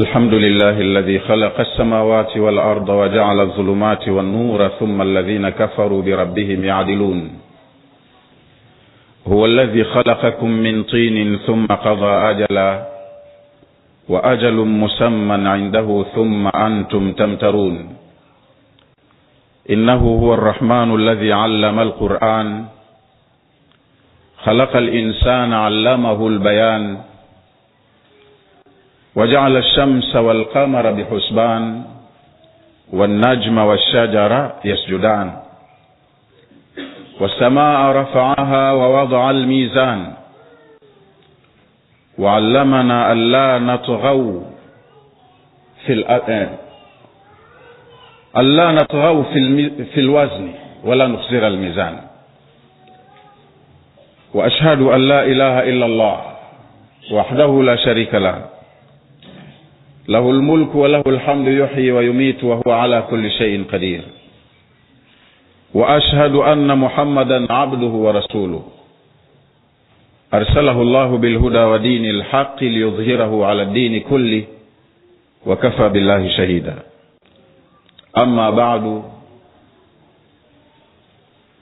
الحمد لله الذي خلق السماوات والأرض وجعل الظلمات والنور ثم الذين كفروا بربهم يعدلون هو الذي خلقكم من طين ثم قضى أجلا وأجل مسمى عنده ثم أنتم تمترون إنه هو الرحمن الذي علم القرآن خلق الإنسان علمه البيان وجعل الشمس والقمر بحسبان والنجم والشجر يسجدان والسماء رفعها ووضع الميزان وعلمنا ألا نطغوا في ألا آه، نطغوا في, في الوزن ولا نخسر الميزان وأشهد أن لا إله إلا الله وحده لا شريك له له الملك وله الحمد يحيي ويميت وهو على كل شيء قدير واشهد ان محمدا عبده ورسوله ارسله الله بالهدى ودين الحق ليظهره على الدين كله وكفى بالله شهيدا اما بعد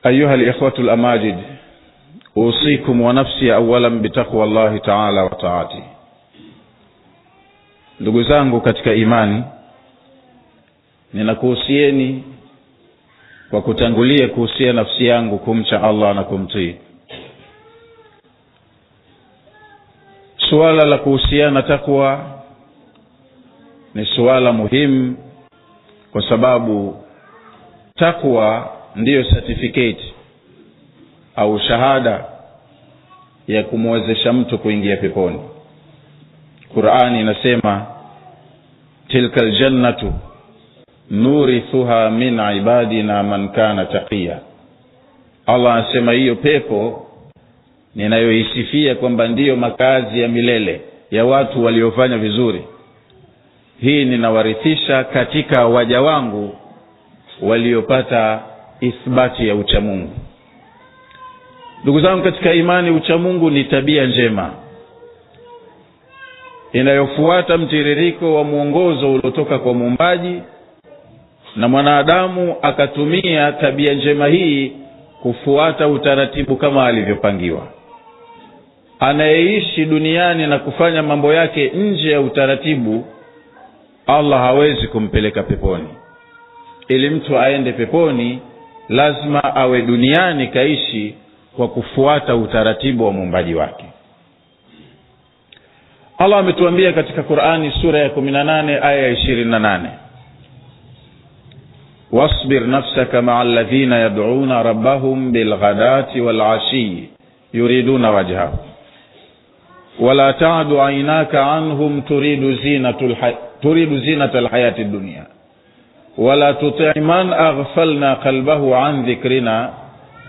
ايها الاخوه الاماجد اوصيكم ونفسي اولا بتقوى الله تعالى وطاعته ndugu zangu katika imani ninakuhusieni kwa kutangulia kuhusia nafsi yangu kumcha allah na kumtii suala la kuhusiana takwa ni suala muhimu kwa sababu takwa ndiyo satifiketi au shahada ya kumwezesha mtu kuingia peponi qurani inasema tilka ljannatu nurithuha min ibadina man kana taqiya allah anasema hiyo pepo ninayoisifia kwamba ndiyo makazi ya milele ya watu waliofanya vizuri hii ninawarithisha katika waja wangu waliopata ithbati ya uchamungu ndugu zangu katika imani uchamungu ni tabia njema inayofuata mtiririko wa mwongozo uliotoka kwa muumbaji na mwanadamu akatumia tabia njema hii kufuata utaratibu kama alivyopangiwa anayeishi duniani na kufanya mambo yake nje ya utaratibu allah hawezi kumpeleka peponi ili mtu aende peponi lazima awe duniani kaishi kwa kufuata utaratibu wa muumbaji wake allah ametuambia katika qurani sura ya kumi na nane aya ya ishirini na nane واصبر نفسك مع الذين يدعون ربهم بالغداة والعشي يريدون وجهه ولا تعد عيناك عنهم تريد زينة, الحي... تريد زينة الحياة الدنيا ولا تطع من أغفلنا قلبه عن ذكرنا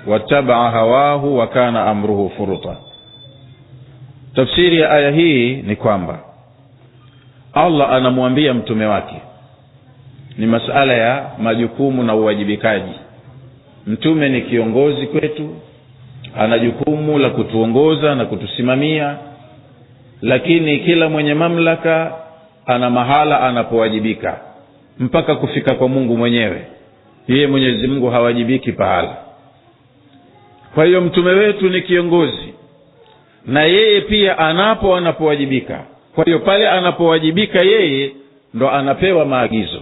واتبع هواه وكان أمره فرطا tafsiri ya aya hii ni kwamba allah anamwambia mtume wake ni masala ya majukumu na uwajibikaji mtume ni kiongozi kwetu ana jukumu la kutuongoza na kutusimamia lakini kila mwenye mamlaka ana mahala anapowajibika mpaka kufika kwa mungu mwenyewe yeye mwenyezi mungu hawajibiki pahala kwa hiyo mtume wetu ni kiongozi na yeye pia anapo anapowajibika kwa hiyo pale anapowajibika yeye ndo anapewa maagizo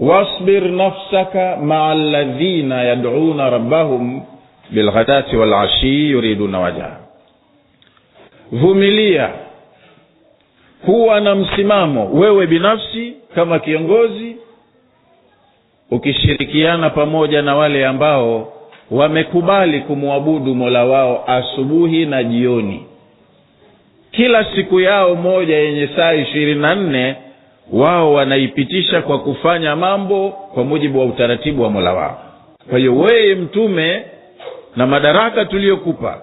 wasbir nafsaka maa ladhina yaduna rabbahum bilghadati walashii yuriduna wajaha vumilia kuwa na msimamo wewe binafsi kama kiongozi ukishirikiana pamoja na wale ambao wamekubali kumwabudu mola wao asubuhi na jioni kila siku yao moja yenye saa ishirini na nne wao wanaipitisha kwa kufanya mambo kwa mujibu wa utaratibu wa mola wao kwa hiyo wewe mtume na madaraka tuliyokupa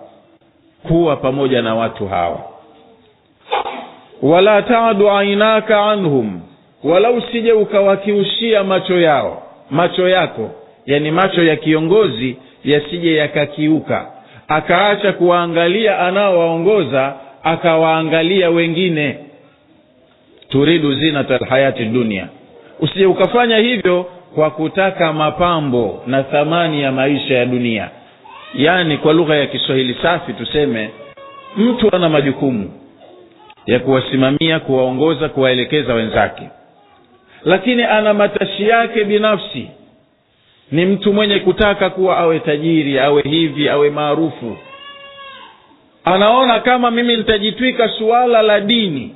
kuwa pamoja na watu hawa wala tadu ainaka anhum wala usije ukawakiushia macho yao macho yako yani macho ya kiongozi yasije yakakiuka akaacha kuwaangalia anaowaongoza akawaangalia wengine turidu zinata lhayati dunia usije ukafanya hivyo kwa kutaka mapambo na thamani ya maisha ya dunia yaani kwa lugha ya kiswahili safi tuseme mtu ana majukumu ya kuwasimamia kuwaongoza kuwaelekeza wenzake lakini ana matashi yake binafsi ni mtu mwenye kutaka kuwa awe tajiri awe hivi awe maarufu anaona kama mimi nitajitwika suala la dini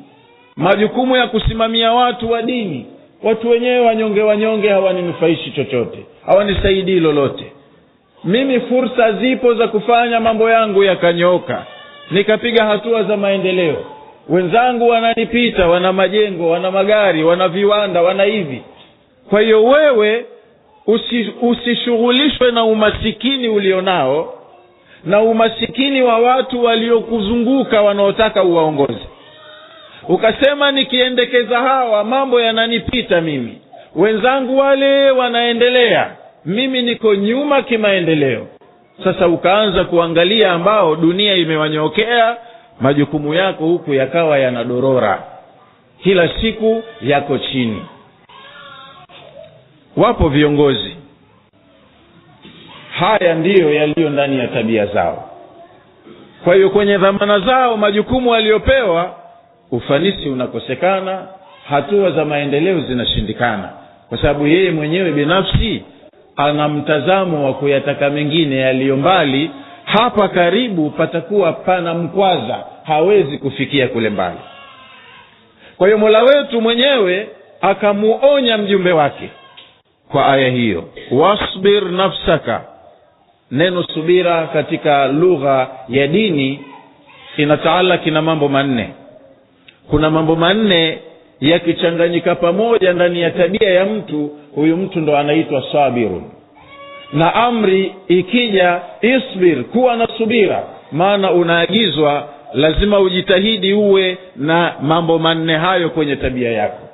majukumu ya kusimamia watu wa dini watu wenyewe wanyonge wanyonge hawaninufaishi chochote hawanisaidii lolote mimi fursa zipo za kufanya mambo yangu yakanyoka nikapiga hatua za maendeleo wenzangu wananipita wana majengo wana magari wana viwanda wana hivi kwa hiyo wewe usi, usishughulishwe na umasikini ulionao na umasikini wa watu waliokuzunguka wanaotaka uwaongozi ukasema nikiendekeza hawa mambo yananipita mimi wenzangu wale wanaendelea mimi niko nyuma kimaendeleo sasa ukaanza kuangalia ambao dunia imewanyokea majukumu yako huku yakawa yanadorora kila siku yako chini wapo viongozi haya ndiyo yaliyo ndani ya tabia zao kwa hiyo kwenye dhamana zao majukumu waliyopewa ufanisi unakosekana hatua za maendeleo zinashindikana kwa sababu yeye mwenyewe binafsi ana mtazamo wa kuyataka mengine yaliyo mbali hapa karibu patakuwa pana mkwaza hawezi kufikia kule mbali kwa hiyo mola wetu mwenyewe akamuonya mjumbe wake kwa aya hiyo wasbir nafsaka neno subira katika lugha ya dini inataalaki na mambo manne kuna mambo manne yakichanganyika pamoja ndani ya tabia ya mtu huyu mtu ndo anaitwa sabirun na amri ikija isbir kuwa na subira maana unaagizwa lazima ujitahidi uwe na mambo manne hayo kwenye tabia yako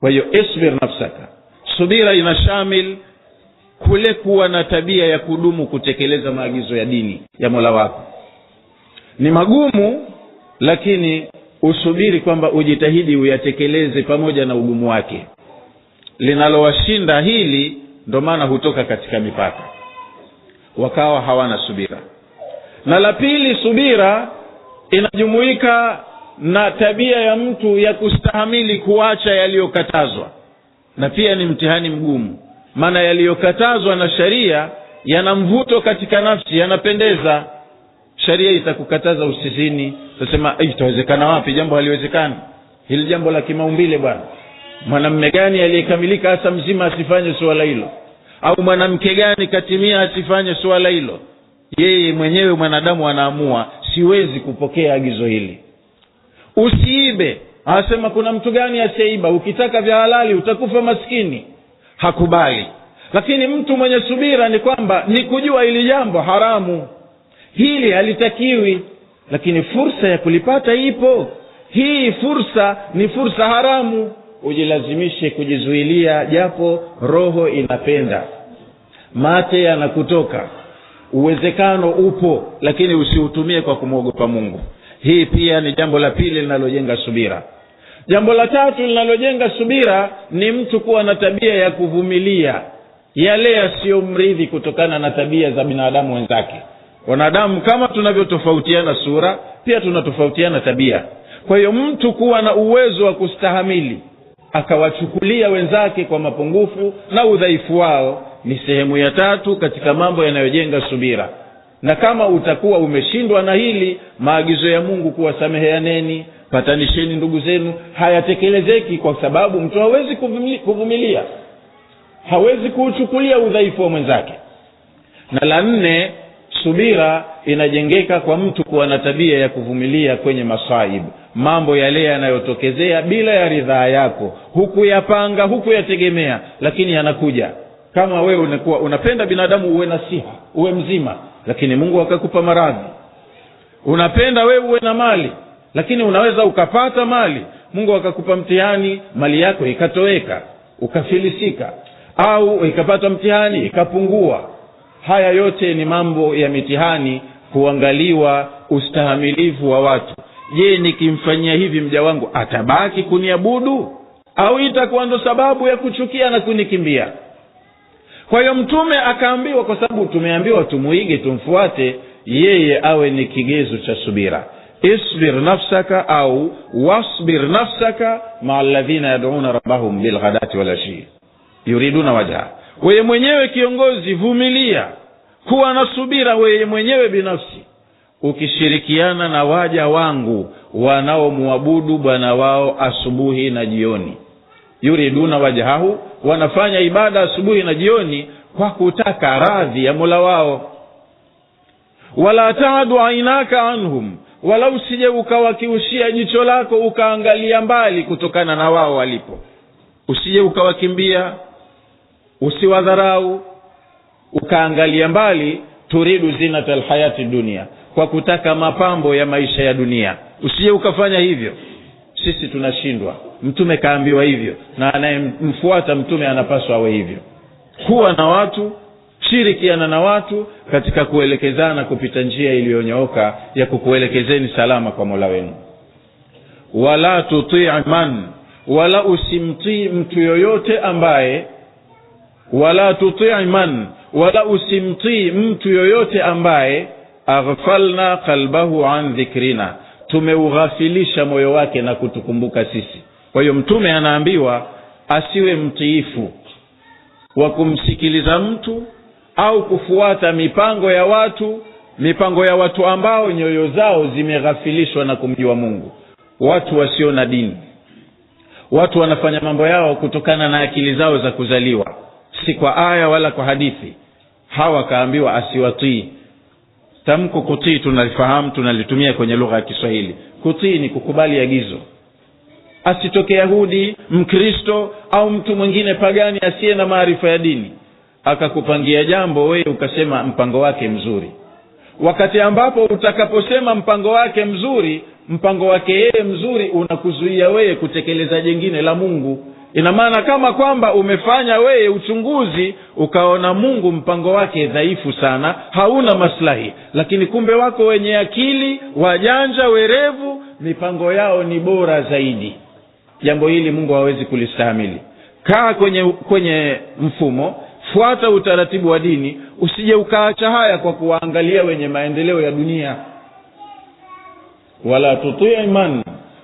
kwa hiyo isbir nafsaka subira ina shamil kule kuwa na tabia ya kudumu kutekeleza maagizo ya dini ya mola wako ni magumu lakini usubiri kwamba ujitahidi uyatekeleze pamoja na ugumu wake linalowashinda hili ndo maana hutoka katika mipaka wakawa hawana subira na la pili subira inajumuika na tabia ya mtu ya kustahamili kuacha yaliyokatazwa na pia ni mtihani mgumu maana yaliyokatazwa na sharia yana mvuto katika nafsi yanapendeza sharia itakukataza usizini utasema itawezekana wapi jambo haliwezekani hili jambo la kimaumbile bwana mwanamme gani aliyekamilika hasa mzima asifanye suala hilo au mwanamke gani katimia asifanye suala hilo yeye mwenyewe mwanadamu anaamua siwezi kupokea agizo hili usiibe asema kuna mtu gani asiyeiba ukitaka vya halali utakufa maskini hakubali lakini mtu mwenye subira ni kwamba ni kujua hili jambo haramu hili halitakiwi lakini fursa ya kulipata ipo hii fursa ni fursa haramu ujilazimishe kujizuilia japo roho inapenda mate yanakutoka uwezekano upo lakini usiutumie kwa kumwogopa mungu hii pia ni jambo la pili linalojenga subira jambo la tatu linalojenga subira ni mtu kuwa na tabia ya kuvumilia yale yasiyomridhi kutokana na tabia za binadamu wenzake wanadamu kama tunavyotofautiana sura pia tunatofautiana tabia kwa hiyo mtu kuwa na uwezo wa kustahamili akawachukulia wenzake kwa mapungufu na udhaifu wao ni sehemu ya tatu katika mambo yanayojenga subira na kama utakuwa umeshindwa na hili maagizo ya mungu kuwasameheaneni patanisheni ndugu zenu hayatekelezeki kwa sababu mtu hawezi kuvumilia hawezi kuuchukulia udhaifu wa mwenzake na la nne subira inajengeka kwa mtu kuwa na tabia ya kuvumilia kwenye masaibu mambo yale yanayotokezea bila ya ridhaa yako hukuyapanga hukuyategemea lakini yanakuja kama wewe unakuwa unapenda binadamu uwe na siha uwe mzima lakini mungu akakupa maradhi unapenda wewe uwe na mali lakini unaweza ukapata mali mungu akakupa mtihani mali yako ikatoweka ukafilisika au ikapata mtihani ikapungua haya yote ni mambo ya mitihani kuangaliwa ustahamilivu wa watu je nikimfanyia hivi mja wangu atabaki kuniabudu au itakuwa ndo sababu ya kuchukia na kunikimbia kwa hiyo mtume akaambiwa kwa sababu tumeambiwa tumuige tumfuate yeye awe ni kigezo cha subira isbir nafsaka au wasbir nafsaka maa ladhina yaduna rabbahum bilghadati walashii yuriduna wajha weye mwenyewe kiongozi vumilia kuwa na subira weye mwenyewe binafsi ukishirikiana na waja wangu wanaomwabudu bwana wao asubuhi na jioni yuriduna wajhahu wanafanya ibada asubuhi na jioni kwa kutaka radhi ya mola wao wala taadu ainaka anhum wala usije ukawakiushia jicho lako ukaangalia mbali kutokana na wao walipo usije ukawakimbia usiwadharau ukaangalia mbali turidu zinata lhayati dunia kwa kutaka mapambo ya maisha ya dunia usije ukafanya hivyo sisi tunashindwa mtume kaambiwa hivyo na anayemfuata mtume anapaswa awe hivyo kuwa na watu shirikiana na watu katika kuelekezana kupita njia iliyonyooka ya kukuelekezeni salama kwa mola wenu wala tutii man wala usimtii mtu yoyote ambaye wala tutii man wala usimtii mtu yoyote ambaye aghfalna qalbahu an dhikrina tumeughafilisha moyo wake na kutukumbuka sisi kwa hiyo mtume anaambiwa asiwe mtiifu wa kumsikiliza mtu au kufuata mipango ya watu mipango ya watu ambao nyoyo zao zimeghafilishwa na kumjua mungu watu wasio na dini watu wanafanya mambo yao kutokana na akili zao za kuzaliwa si kwa aya wala kwa hadithi hawa akaambiwa asiwatii tamko kutii tunalifahamu tunalitumia kwenye lugha ya kiswahili kutii ni kukubali agizo asitoke yahudi mkristo au mtu mwingine pagani asiye na maarifa ya dini akakupangia jambo wewe ukasema mpango wake mzuri wakati ambapo utakaposema mpango wake mzuri mpango wake yeye mzuri unakuzuia wewe kutekeleza jengine la mungu ina maana kama kwamba umefanya wewe uchunguzi ukaona mungu mpango wake dhaifu sana hauna maslahi lakini kumbe wako wenye akili wajanja werevu mipango yao ni bora zaidi jambo hili mungu hawezi kulistahamili kaa kwenye kwenye mfumo fuata utaratibu wa dini usije ukaacha haya kwa kuwaangalia wenye maendeleo ya dunia wala tutii man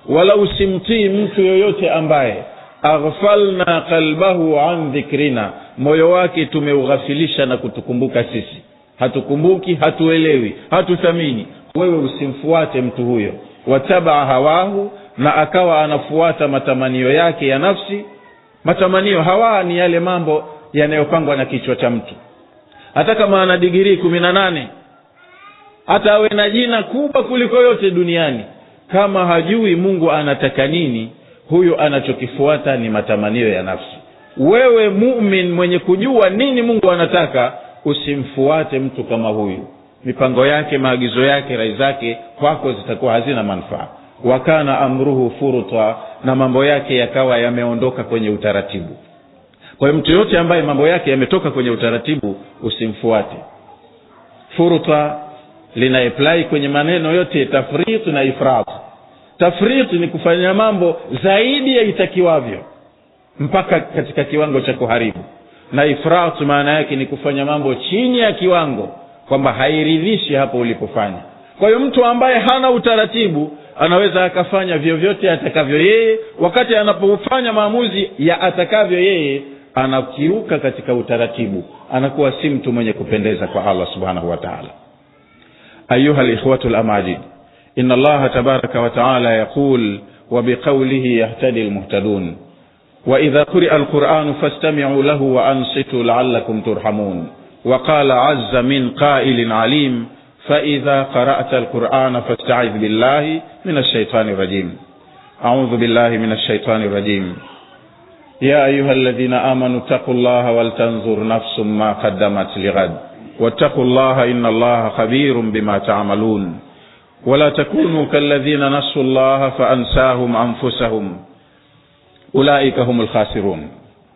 wala usimtii mtu yoyote ambaye aghfalna qalbahu an dhikrina moyo wake tumeughafilisha na kutukumbuka sisi hatukumbuki hatuelewi hatuthamini wewe usimfuate mtu huyo watabaa hawahu na akawa anafuata matamanio yake ya nafsi matamanio hawa ni yale mambo yanayopangwa na kichwa cha mtu hata kama ana digirii kumi na nane hata awe na jina kubwa kuliko yote duniani kama hajui mungu anataka nini huyo anachokifuata ni matamanio ya nafsi wewe mumin mwenye kujua nini mungu anataka usimfuate mtu kama huyu mipango yake maagizo yake rai zake kwako zitakuwa hazina manufaa wa kana amruhu furta na mambo yake yakawa yameondoka kwenye utaratibu kwa hiyo mtu yoyote ambaye mambo yake yametoka kwenye utaratibu usimfuate furta lina eplai kwenye maneno yote tafrit na ifrat tafrit ni kufanya mambo zaidi ya itakiwavyo mpaka katika kiwango cha kuharibu na ifrat maana yake ni kufanya mambo chini ya kiwango kwamba hairidhishi hapo ulipofanya kwa hiyo mtu ambaye hana utaratibu anaweza akafanya vyovyote atakavyo yeye wakati anapofanya maamuzi ya atakavyo yeye anakiuka katika utaratibu anakuwa si mtu mwenye kupendeza kwa allah subhanahu wa taala ayuha likhwatu lamajid in allaha tabaraka wataala yaqul وبقوله yahtadi lmuhtadun waidha قرئ lquranu fastamiu lahu waansitu laalakum turhamun waqala aza min qailin alim فإذا قرأت القرآن فاستعذ بالله من الشيطان الرجيم أعوذ بالله من الشيطان الرجيم يا أيها الذين آمنوا اتقوا الله ولتنظر نفس ما قدمت لغد واتقوا الله إن الله خبير بما تعملون ولا تكونوا كالذين نسوا الله فأنساهم أنفسهم أولئك هم الخاسرون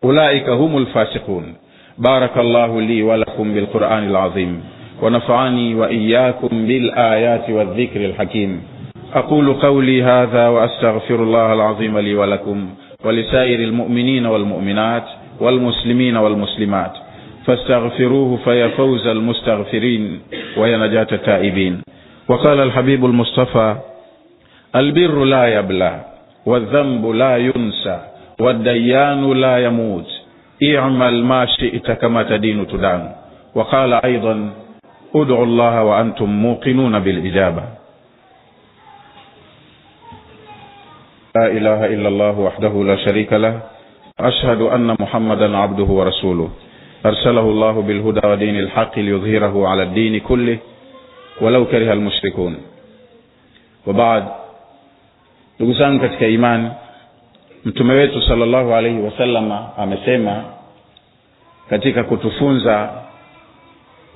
أولئك هم الفاسقون بارك الله لي ولكم بالقرآن العظيم ونفعني واياكم بالايات والذكر الحكيم اقول قولي هذا واستغفر الله العظيم لي ولكم ولسائر المؤمنين والمؤمنات والمسلمين والمسلمات فاستغفروه فيا فوز المستغفرين ويا نجاة التائبين وقال الحبيب المصطفى البر لا يبلى والذنب لا ينسى والديان لا يموت اعمل ما شئت كما تدين تدان وقال ايضا ادعوا الله وأنتم موقنون بالإجابة لا إله إلا الله وحده لا شريك له أشهد أن محمدا عبده ورسوله أرسله الله بالهدى ودين الحق ليظهره على الدين كله ولو كره المشركون وبعد ndugu كتك ايمان متمويت صلى الله عليه وسلم امسيما كتك كتفونزا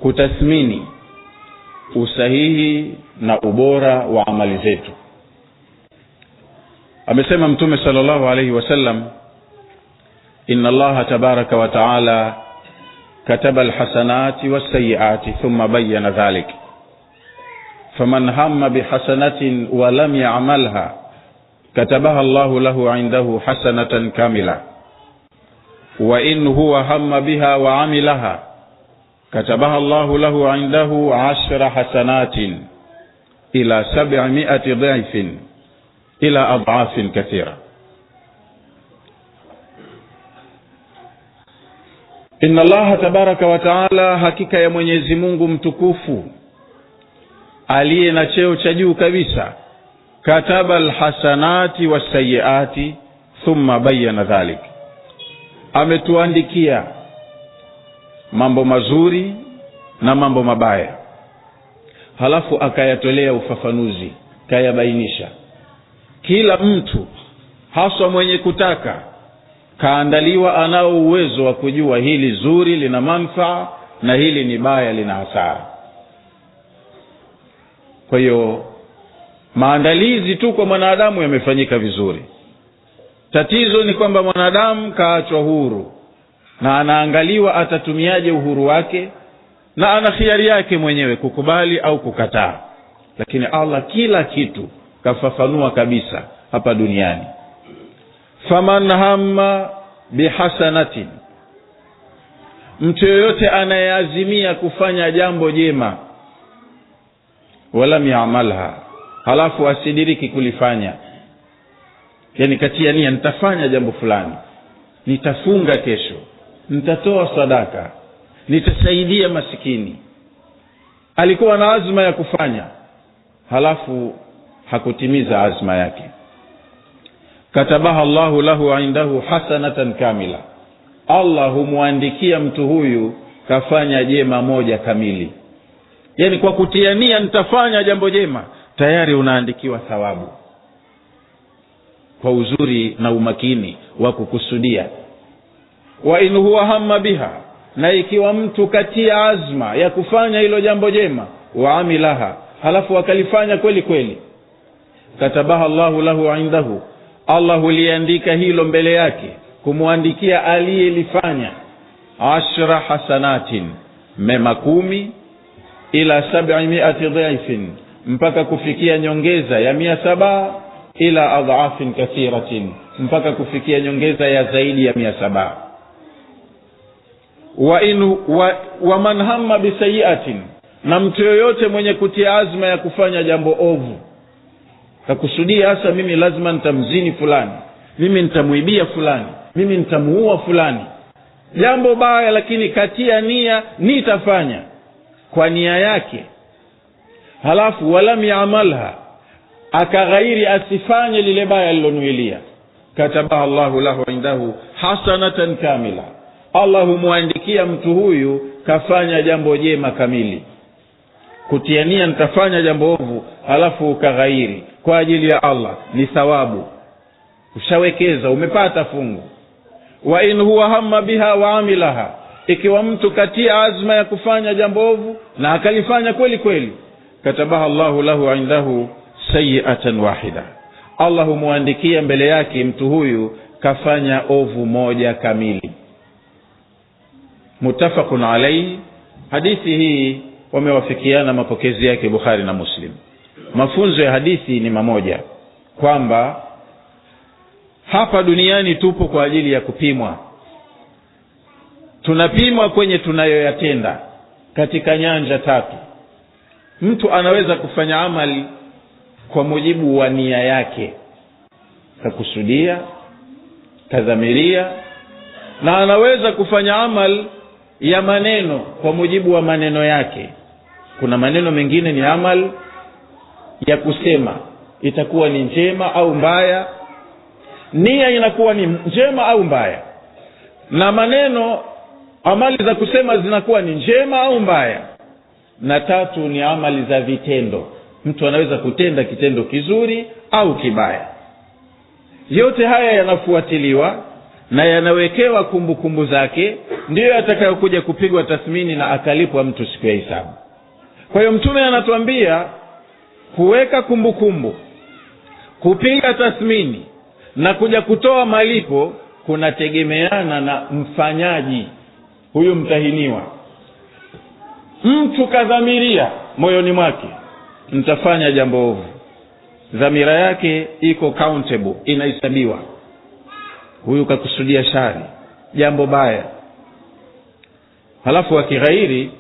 kutathmini usahihi na ubora wa amali zetu amesema mtume salllahu alaihi wasallam ina allaha tabaraka wa taala kataba alhasanati walsayiati thumma bayana dhalik faman hamma bihasanatin walam yamalha katabaha llahu lahu indahu hasanatan kamila wa in huwa hamma biha waamilaha katabaha llahu lahu indahu ashra hasanatin ila sabimiati dhaifin ila adhafin kathira inna allaha tabaraka wataala hakika ya mwenyezi mungu mtukufu aliye na cheo cha juu kabisa kataba lhasanati wasayiati thumma bayana dhalik ametuandikia mambo mazuri na mambo mabaya halafu akayatolea ufafanuzi kayabainisha kila mtu haswa mwenye kutaka kaandaliwa anao uwezo wa kujua hili zuri lina manfaa na hili ni baya lina hasara kwa hiyo maandalizi tu kwa mwanadamu yamefanyika vizuri tatizo ni kwamba mwanadamu kaachwa huru na anaangaliwa atatumiaje uhuru wake na ana khiari yake mwenyewe kukubali au kukataa lakini allah kila kitu kafafanua kabisa hapa duniani faman hamma bihasanatin mtu yoyote anayeazimia kufanya jambo jema walam yamalha halafu asidiriki kulifanya yani katia nia nitafanya jambo fulani nitafunga kesho nitatoa sadaka nitasaidia masikini alikuwa na azma ya kufanya halafu hakutimiza azma yake katabaha llahu lahu indahu hasanatan kamila allah humwandikia mtu huyu kafanya jema moja kamili yaani kwa kutiania nitafanya jambo jema tayari unaandikiwa thawabu kwa uzuri na umakini wa kukusudia wa in huwa hamma biha na ikiwa mtu katia azma ya kufanya hilo jambo jema waamilaha halafu akalifanya kweli kweli katabaha llahu lahu indahu allah huliandika hilo mbele yake kumwandikia aliyelifanya ashra hasanatin mema kumi ila sabi miati dhaifin mpaka kufikia nyongeza ya mia saba ila adhafin kathiratin mpaka kufikia nyongeza ya zaidi ya mia saba wa, wa, wa man hamma bisayiatin na mtu yoyote mwenye kutia azma ya kufanya jambo ovu kakusudia hasa mimi lazima nitamzini fulani mimi nitamwibia fulani mimi nitamuua fulani jambo baya lakini katia nia nitafanya kwa nia yake halafu walam yamalha akaghairi asifanye lile baya alilonuilia katabaha llahu lahu indahu hasanatan kamila allah humwandikia mtu huyu kafanya jambo jema kamili kutiania ntafanya nitafanya jambo ovu halafu ukaghairi kwa ajili ya allah ni thawabu ushawekeza umepata fungu wa in huwa hamma biha waamilaha ikiwa mtu katia azma ya kufanya jambo ovu na akalifanya kweli kweli katabaha llahu lahu indahu sayiatan wahida allah humwandikia mbele yake mtu huyu kafanya ovu moja kamili mutafaqun alaihi hadithi hii wamewafikiana mapokezi yake bukhari na muslim mafunzo ya hadithi ni mamoja kwamba hapa duniani tupo kwa ajili ya kupimwa tunapimwa kwenye tunayoyatenda katika nyanja tatu mtu anaweza kufanya amali kwa mujibu wa nia yake kakusudia kadhamiria na anaweza kufanya amali ya maneno kwa mujibu wa maneno yake kuna maneno mengine ni amal ya kusema itakuwa ni njema au mbaya nia inakuwa ni njema au mbaya na maneno amali za kusema zinakuwa ni njema au mbaya na tatu ni amali za vitendo mtu anaweza kutenda kitendo kizuri au kibaya yote haya yanafuatiliwa na yanawekewa kumbukumbu zake ndiyo yatakayokuja kupigwa tathmini na akalipwa mtu siku ya hisabu kwa hiyo mtume anatuambia kuweka kumbukumbu kupiga tathmini na kuja kutoa malipo kunategemeana na mfanyaji huyu mtahiniwa mtu kadhamiria moyoni mwake ntafanya jambo ovu dhamira yake iko countable inahesabiwa huyu kakusudia shari jambo baya halafu akighairi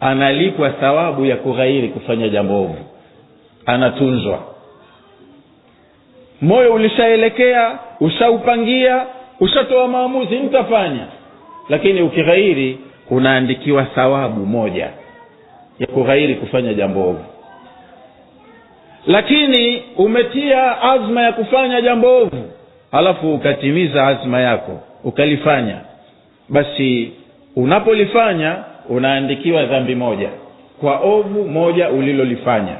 analipwa thawabu ya kughairi kufanya jambo ovu anatunzwa moyo ulishaelekea ushaupangia ushatoa maamuzi ntafanya lakini ukighairi unaandikiwa thawabu moja ya kughairi kufanya jambo ovu lakini umetia azma ya kufanya jambo ovu alafu ukatimiza azma yako ukalifanya basi unapolifanya unaandikiwa dhambi moja kwa ovu moja ulilolifanya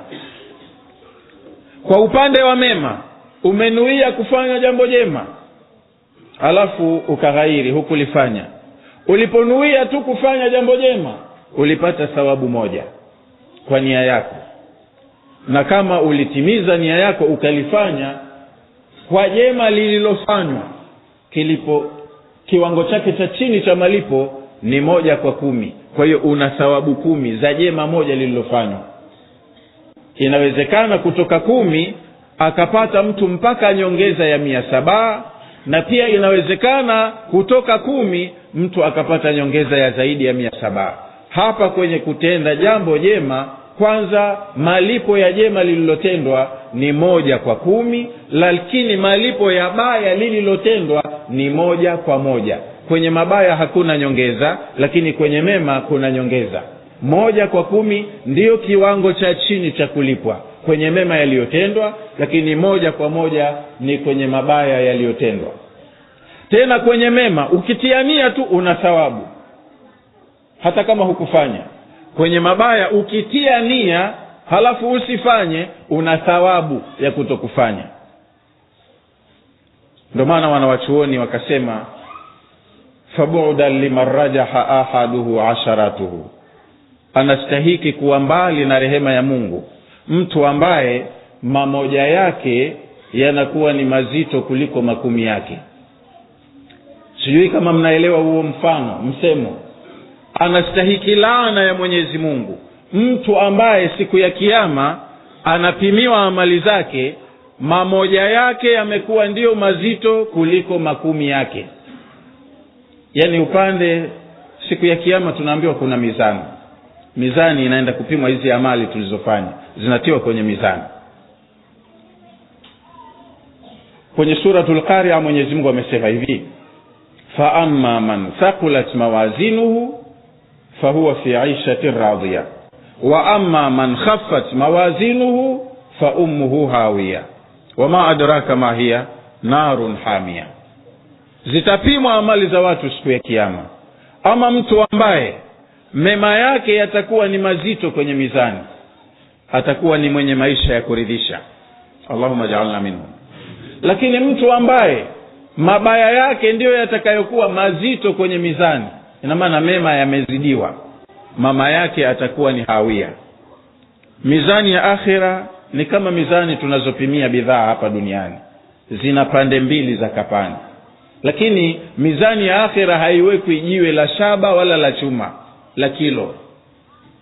kwa upande wa mema umenuia kufanya jambo jema alafu ukaghairi hukulifanya uliponuia tu kufanya jambo jema ulipata thawabu moja kwa nia yako na kama ulitimiza nia yako ukalifanya kwa jema lililofanywa kilipo kiwango chake cha chini cha malipo ni moja kwa kumi kwa hiyo una thawabu kumi za jema moja lililofanywa inawezekana kutoka kumi akapata mtu mpaka nyongeza ya mia sabaa na pia inawezekana kutoka kumi mtu akapata nyongeza ya zaidi ya mia saba hapa kwenye kutenda jambo jema kwanza malipo ya jema lililotendwa ni moja kwa kumi lakini malipo ya baya lililotendwa ni moja kwa moja kwenye mabaya hakuna nyongeza lakini kwenye mema kuna nyongeza moja kwa kumi ndiyo kiwango cha chini cha kulipwa kwenye mema yaliyotendwa lakini moja kwa moja ni kwenye mabaya yaliyotendwa tena kwenye mema ukitiania tu una thawabu hata kama hukufanya kwenye mabaya ukitia nia halafu usifanye una thawabu ya kutokufanya ndio maana wanawachuoni wakasema fabudan liman rajaha ahaduhu asharatuhu anastahiki kuwa mbali na rehema ya mungu mtu ambaye mamoja yake yanakuwa ni mazito kuliko makumi yake sijui kama mnaelewa huo mfano msemo anastahiki laana ya mwenyezi mungu mtu ambaye siku ya kiama anapimiwa amali zake mamoja yake yamekuwa ndiyo mazito kuliko makumi yake yaani upande siku ya kiama tunaambiwa kuna mizani mizani inaenda kupimwa hizi amali tulizofanya zinatiwa kwenye mizani kwenye suratu qaria mwenyezimungu amesema hivi faama man thakulat mawazinuhu fahuwa fi aishati radhiya wa ama man khaffat mawazinuhu fa ummuhu hawiya wama adraka ma hiya narun hamia zitapimwa amali za watu siku ya kiama ama mtu ambaye mema yake yatakuwa ni mazito kwenye mizani atakuwa ni mwenye maisha ya kuridhisha allahuma jaalna minhum lakini mtu ambaye mabaya yake ndiyo yatakayokuwa mazito kwenye mizani ina maana mema yamezidiwa mama yake atakuwa ni hawia mizani ya akhira ni kama mizani tunazopimia bidhaa hapa duniani zina pande mbili za kapani lakini mizani ya akhira haiwekwi jiwe la shaba wala la chuma la kilo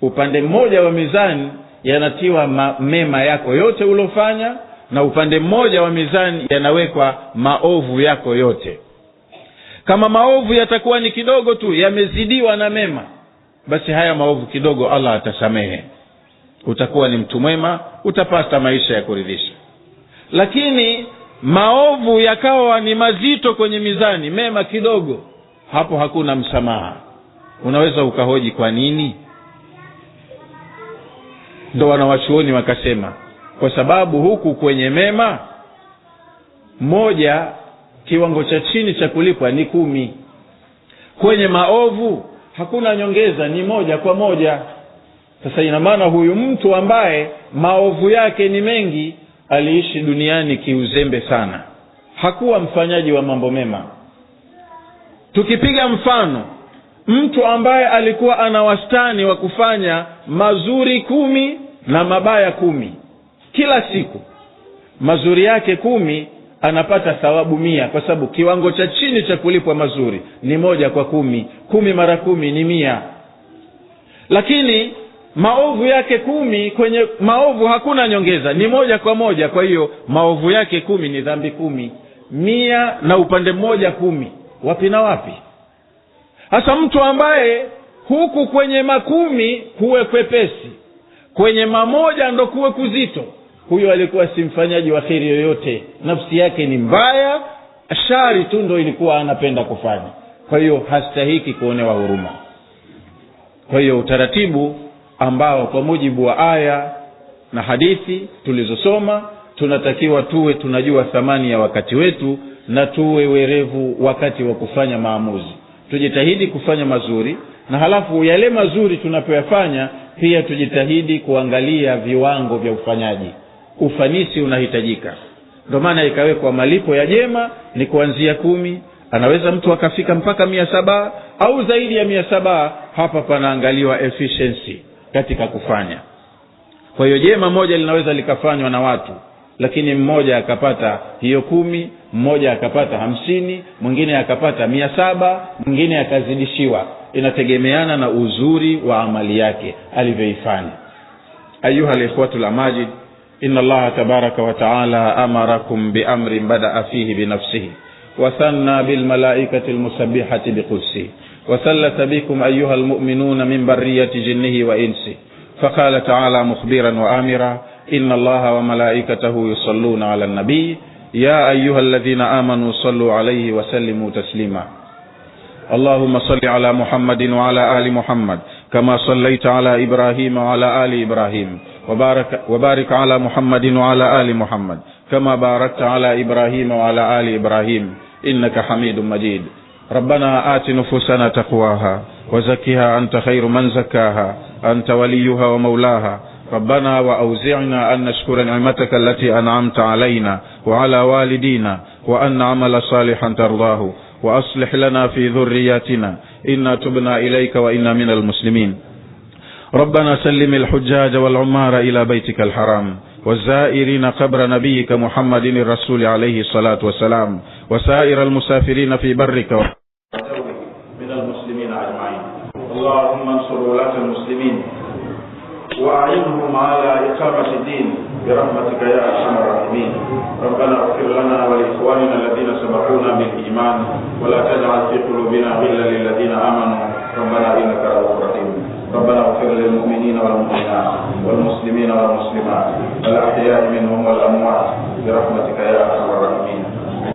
upande mmoja wa mizani yanatiwa mema yako yote uliofanya na upande mmoja wa mizani yanawekwa maovu yako yote kama maovu yatakuwa ni kidogo tu yamezidiwa na mema basi haya maovu kidogo allah atasamehe utakuwa ni mtu mwema utapata maisha ya kuridhisha lakini maovu yakawa ni mazito kwenye mizani mema kidogo hapo hakuna msamaha unaweza ukahoji kwa nini ndo wanawachuoni wakasema kwa sababu huku kwenye mema moja kiwango cha chini cha kulipwa ni kumi kwenye maovu hakuna nyongeza ni moja kwa moja sasa ina maana huyu mtu ambaye maovu yake ni mengi aliishi duniani kiuzembe sana hakuwa mfanyaji wa mambo mema tukipiga mfano mtu ambaye alikuwa ana wastani wa kufanya mazuri kumi na mabaya kumi kila siku mazuri yake kumi anapata thawabu mia kwa sababu kiwango cha chini cha kulipwa mazuri ni moja kwa kumi kumi mara kumi ni mia lakini maovu yake kumi kwenye maovu hakuna nyongeza ni moja kwa moja kwa hiyo maovu yake kumi ni dhambi kumi mia na upande mmoja kumi wapi na wapi hasa mtu ambaye huku kwenye makumi kuwe kwepesi kwenye mamoja ndo kuwe kuzito huyo alikuwa si mfanyaji wa kheri yoyote nafsi yake ni mbaya shari tu ndo ilikuwa anapenda kufanya kwa hiyo hastahiki kuonewa huruma kwa hiyo utaratibu ambao kwa mujibu wa aya na hadithi tulizosoma tunatakiwa tuwe tunajua thamani ya wakati wetu na tuwe werevu wakati wa kufanya maamuzi tujitahidi kufanya mazuri na halafu yale mazuri tunapoyafanya pia tujitahidi kuangalia viwango vya ufanyaji ufanisi unahitajika ndo maana ikawekwa malipo ya jema ni kuanzia kumi anaweza mtu akafika mpaka mia saba au zaidi ya mia saba hapa panaangaliwa efficiency katika kufanya kwa hiyo jema moja linaweza likafanywa na watu lakini mmoja akapata hiyo kumi mmoja akapata hamsini mwingine akapata mia saba mwingine akazidishiwa inategemeana na uzuri wa amali yake alivyoifanya ayuha likhwatu lmajid إن الله تبارك وتعالى أمركم بأمر بدأ فيه بنفسه وثنى بالملائكة المسبحة بقدسه وثلث بكم أيها المؤمنون من برية جنه وإنسه فقال تعالى مخبرا وآمرا إن الله وملائكته يصلون على النبي يا أيها الذين آمنوا صلوا عليه وسلموا تسليما اللهم صل على محمد وعلى آل محمد كما صليت على إبراهيم وعلى آل إبراهيم وبارك, وبارك على محمد وعلى آل محمد كما باركت على إبراهيم وعلى آل إبراهيم إنك حميد مجيد ربنا آت نفوسنا تقواها وزكها أنت خير من زكاها أنت وليها ومولاها ربنا وأوزعنا أن نشكر نعمتك التي أنعمت علينا وعلى والدينا وأن نعمل صالحا ترضاه وأصلح لنا في ذرياتنا إنا تبنا إليك وإنا من المسلمين ربنا سلم الحجاج والعمار إلى بيتك الحرام والزائرين قبر نبيك محمد الرسول عليه الصلاة والسلام وسائر المسافرين في برك و... من المسلمين أجمعين اللهم انصر ولاة المسلمين وأعينهم على إقامة الدين برحمتك يا أرحم الراحمين ربنا اغفر لنا ولإخواننا الذين سبقونا بالإيمان ولا تجعل في قلوبنا غلا للذين آمنوا ربنا إنك رؤوف رحيم ربنا اغفر للمؤمنين والمؤمنات والمسلمين والمسلمات الأحياء منهم والأموات برحمتك يا أرحم الراحمين